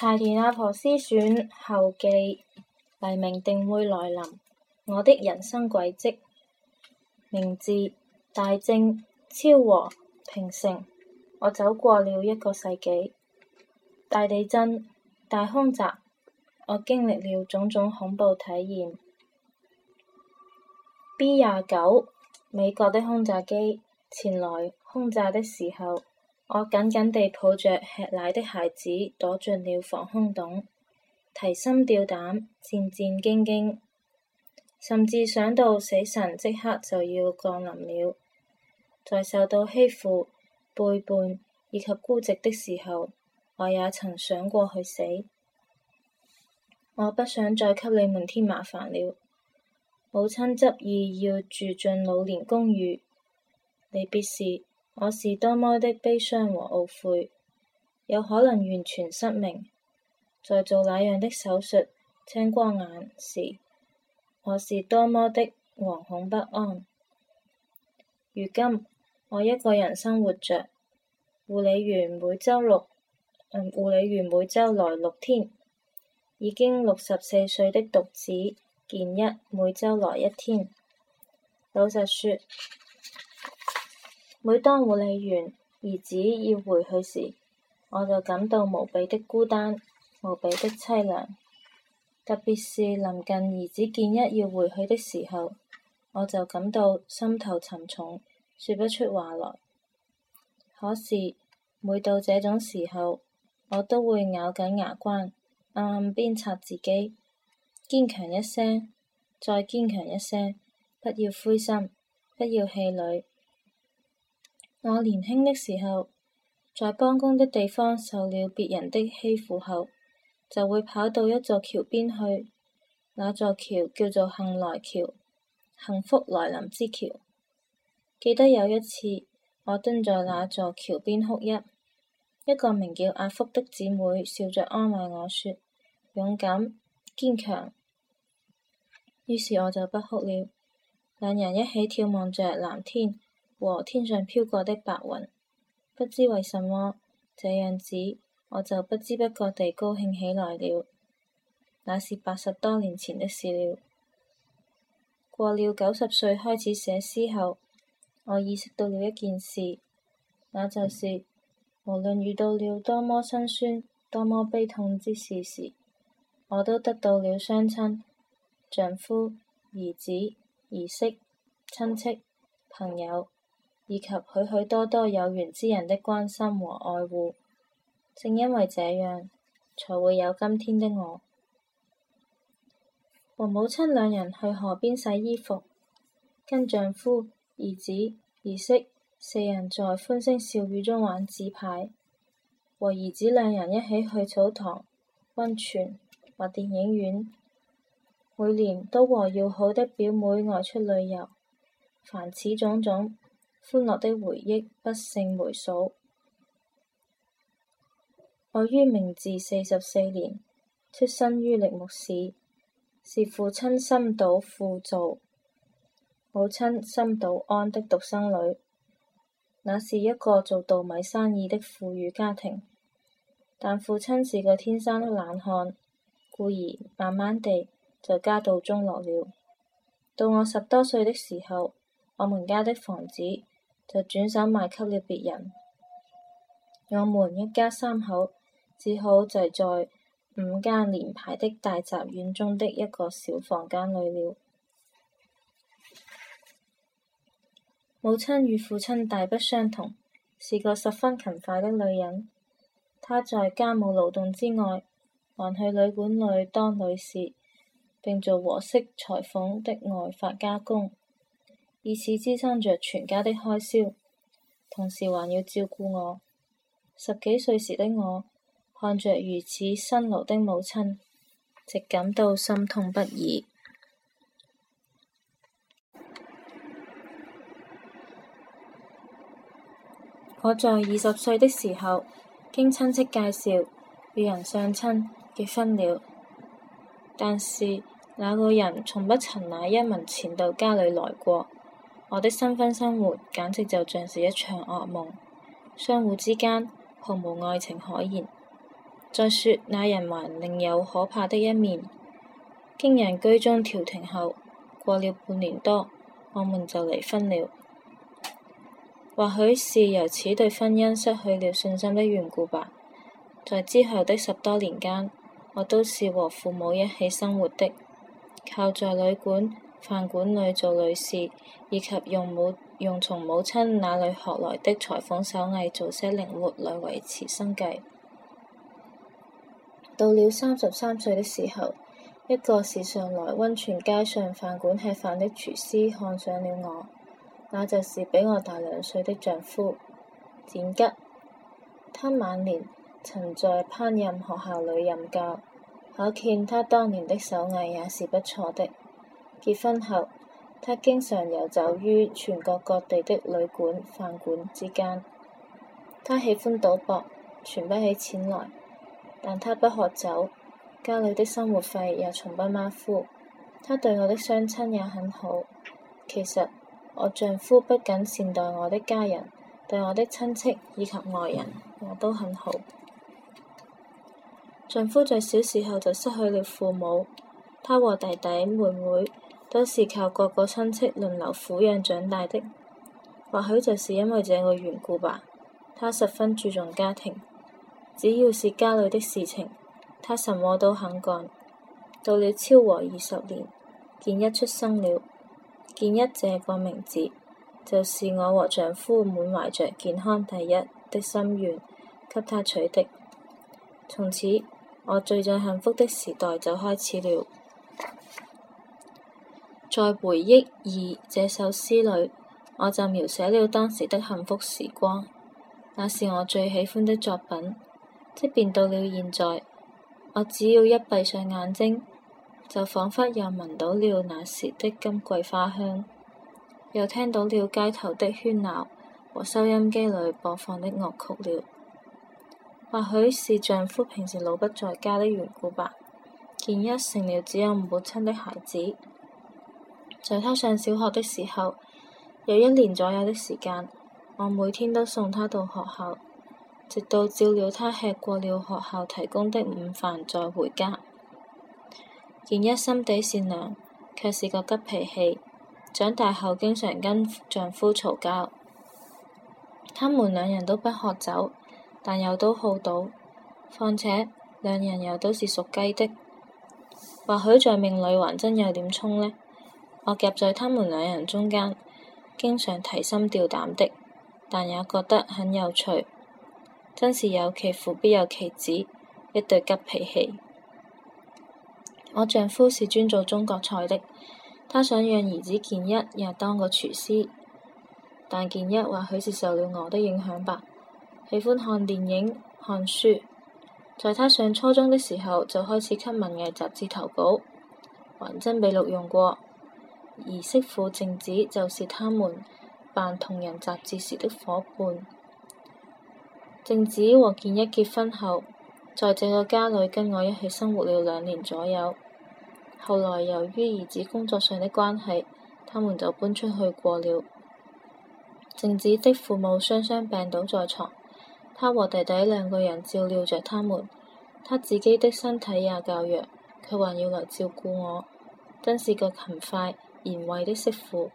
柴田阿婆詩選後記：黎明定會來臨。我的人生軌跡，名字：大正、昭和、平成。我走過了一個世紀。大地震、大轟炸，我經歷了種種恐怖體驗。B 廿九，美國的轟炸機前來轟炸的時候。我緊緊地抱着吃奶的孩子，躲進了防空洞，提心吊膽，戰戰兢兢，甚至想到死神即刻就要降臨了。在受到欺負、背叛以及孤寂的時候，我也曾想過去死。我不想再給你們添麻煩了。母親執意要住進老年公寓，你別試。我是多麼的悲傷和懊悔，有可能完全失明，在做那樣的手術、青光眼時，我是多麼的惶恐不安。如今我一個人生活着，護理員每週六，嗯，護理員每週來六天，已經六十四歲的獨子健一每週來一天。老實說。每當護理完兒子要回去時，我就感到無比的孤單，無比的淒涼。特別是臨近兒子見一要回去的時候，我就感到心頭沉重，說不出話來。可是每到這種時候，我都會咬緊牙關，暗暗鞭策自己，堅強一些，再堅強一些，不要灰心，不要氣餒。我年輕的時候，在幫工的地方受了別人的欺負後，就會跑到一座橋邊去。那座橋叫做幸來橋，幸福來臨之橋。記得有一次，我蹲在那座橋邊哭泣。一個名叫阿福的姊妹笑着安慰我說：勇敢、堅強。於是我就不哭了。兩人一起眺望着藍天。和天上飄過的白雲，不知為什麼這樣子，我就不知不覺地高興起來了。那是八十多年前的事了。過了九十歲開始寫詩後，我意識到了一件事，那就是無論遇到了多麼辛酸、多麼悲痛之事時，我都得到了雙親、丈夫、兒子、兒媳、親戚、朋友。以及許許多多有緣之人的關心和愛護，正因為這樣，才會有今天的我。和母親兩人去河邊洗衣服，跟丈夫、兒子、兒媳四人在歡聲笑語中玩紙牌，和兒子兩人一起去澡堂、溫泉或電影院，每年都和要好的表妹外出旅遊。凡此種種。歡樂的回憶，不勝枚舉。我於明治四十四年出生於歷木市，是父親深島富造、母親深島安的獨生女。那是一個做稻米生意的富裕家庭，但父親是個天生的懶漢，故而慢慢地就家道中落了。到我十多歲的時候，我們家的房子就轉手賣給了別人，我們一家三口只好擠在五間連排的大宅院中的一個小房間裡了。母親與父親大不相同，是個十分勤快的女人。她在家務勞動之外，還去旅館裡當女士，並做和式裁縫的外發加工。以此支撐着全家的開銷，同時還要照顧我。十幾歲時的我，看着如此辛勞的母親，直感到心痛不已。 我在二十歲的時候，經親戚介紹，與人相親，結婚了，但是那個人從不曾拿一文錢到家裏來過。我的新婚生活簡直就像是一場噩夢，相互之間毫無愛情可言。再說，那人還另有可怕的一面。經人居中調停後，過了半年多，我們就離婚了。或許是由此對婚姻失去了信心的緣故吧，在之後的十多年間，我都是和父母一起生活的，靠在旅館飯館裏做女侍，以及用母用從母親那裏學來的裁縫手藝做些零活來維持生計。到了三十三歲的時候，一個時常來溫泉街上飯館吃飯的廚師看上了我，那就是比我大兩歲的丈夫展吉。他晚年曾在烹飪學校裏任教，可見他當年的手藝也是不錯的。結婚後，他經常遊走於全國各地的旅館、飯館之間。他喜歡賭博，存不起錢來，但他不喝酒，家裡的生活費也從不馬虎。他對我的雙親也很好。其實我丈夫不僅善待我的家人，對我的親戚以及外人我都很好。丈夫在小時候就失去了父母，他和弟弟妹妹。都是靠各個親戚輪流撫養長大的，或許就是因為這個緣故吧。他十分注重家庭，只要是家裏的事情，他什麼都肯幹。到了昭和二十年，健一出生了。健一這個名字，就是我和丈夫滿懷着健康第一的心願給他取的。從此，我最最幸福的時代就開始了。在《回憶二》這首詩裡，我就描寫了當時的幸福時光，那是我最喜歡的作品。即便到了現在，我只要一閉上眼睛，就仿佛又聞到了那時的金桂花香，又聽到了街頭的喧鬧和收音機裡播放的樂曲了。或許是丈夫平時老不在家的緣故吧，健一成了只有母親的孩子。在她上小學的時候，有一年左右的時間，我每天都送她到學校，直到照料她吃過了學校提供的午飯再回家。建一心地善良，卻是個急脾氣，長大後經常跟丈夫嘈交。他們兩人都不喝酒，但又都好賭，況且兩人又都是屬雞的，或許在命裡還真有點沖呢。我夾在他們兩人中間，經常提心吊膽的，但也覺得很有趣。真是有其父必有其子，一對急脾氣。我丈夫是專做中國菜的，他想讓兒子健一也當個廚師，但健一或許是受了我的影響吧，喜歡看電影、看書，在他上初中的時候就開始給文藝雜誌投稿，還真被錄用過。兒媳婦靜子就是他們辦同人雜誌時的伙伴。靜子和建一結婚後，在這個家裏跟我一起生活了兩年左右。後來由於兒子工作上的關係，他們就搬出去過了。靜子的父母雙雙病倒在床，他和弟弟兩個人照料著他們。他自己的身體也較弱，卻還要來照顧我，真是個勤快，賢惠的媳婦，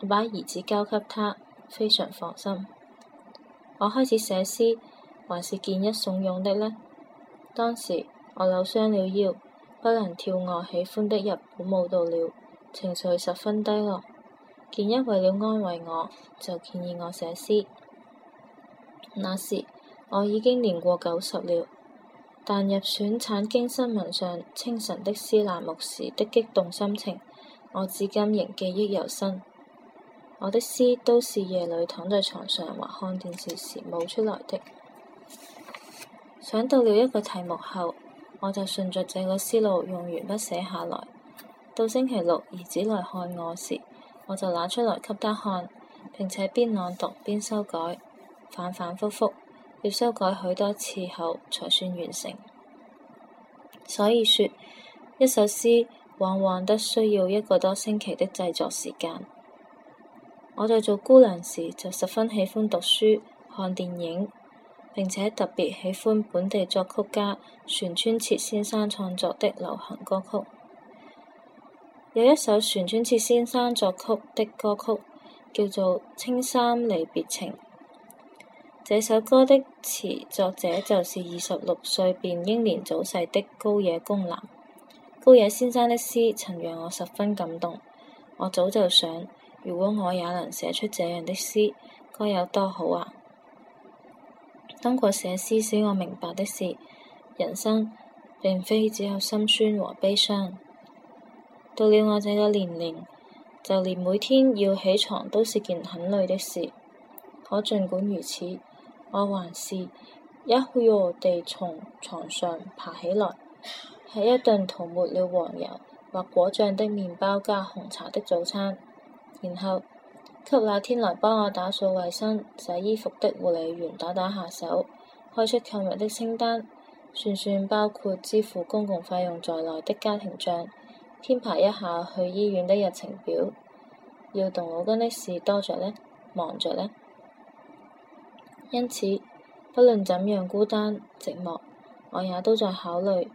我把兒子交給他，非常放心。我開始寫詩，還是健一慫恿的呢。當時我扭傷了腰，不能跳我喜歡的日本舞蹈了，情緒十分低落。健一為了安慰我，就建議我寫詩。那時我已經年過九十了，但入選產經新聞上清晨的詩欄目時的激動心情。我至今仍記憶猶新。我的詩都是夜裏躺在床上或看電視時冒出來的。想到了一個題目後，我就順着這個思路用鉛筆寫下來。到星期六兒子來看我時，我就拿出來給他看，並且邊朗讀邊修改，反反覆覆，要修改許多次後才算完成。所以說，一首詩，往往得需要一個多星期的製作時間。我在做姑娘時就十分喜歡讀書看電影，並且特別喜歡本地作曲家船村徹先生創作的流行歌曲。有一首船村徹先生作曲的歌曲叫做《青山離別情》，這首歌的詞作者就是二十六歲便英年早逝的高野公男。高野先生的詩曾讓我十分感動，我早就想，如果我也能寫出這樣的詩，該有多好啊！通過寫詩，使我明白的是，人生並非只有心酸和悲傷。到了我這個年齡，就連每天要起床都是件很累的事。可儘管如此，我還是一躍地從床上爬起來。係一頓塗抹了黃油或果醬的麵包加紅茶的早餐，然後給那天來幫我打掃衞生、洗衣服的護理員打打下手，開出購物的清單，算算包括支付公共費用在內的家庭帳，編排一下去醫院的日程表，要動腦筋的事多着呢，忙着呢。因此，不論怎樣孤單寂寞，我也都在考慮。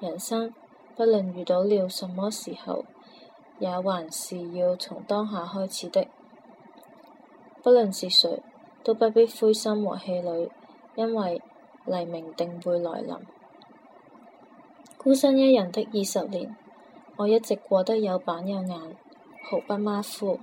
人生，不論遇到了什麼時候，也還是要從當下開始的。不論是誰，都不必灰心和氣餒，因為黎明定會來臨。孤身一人的二十年，我一直過得有板有眼，毫不馬虎。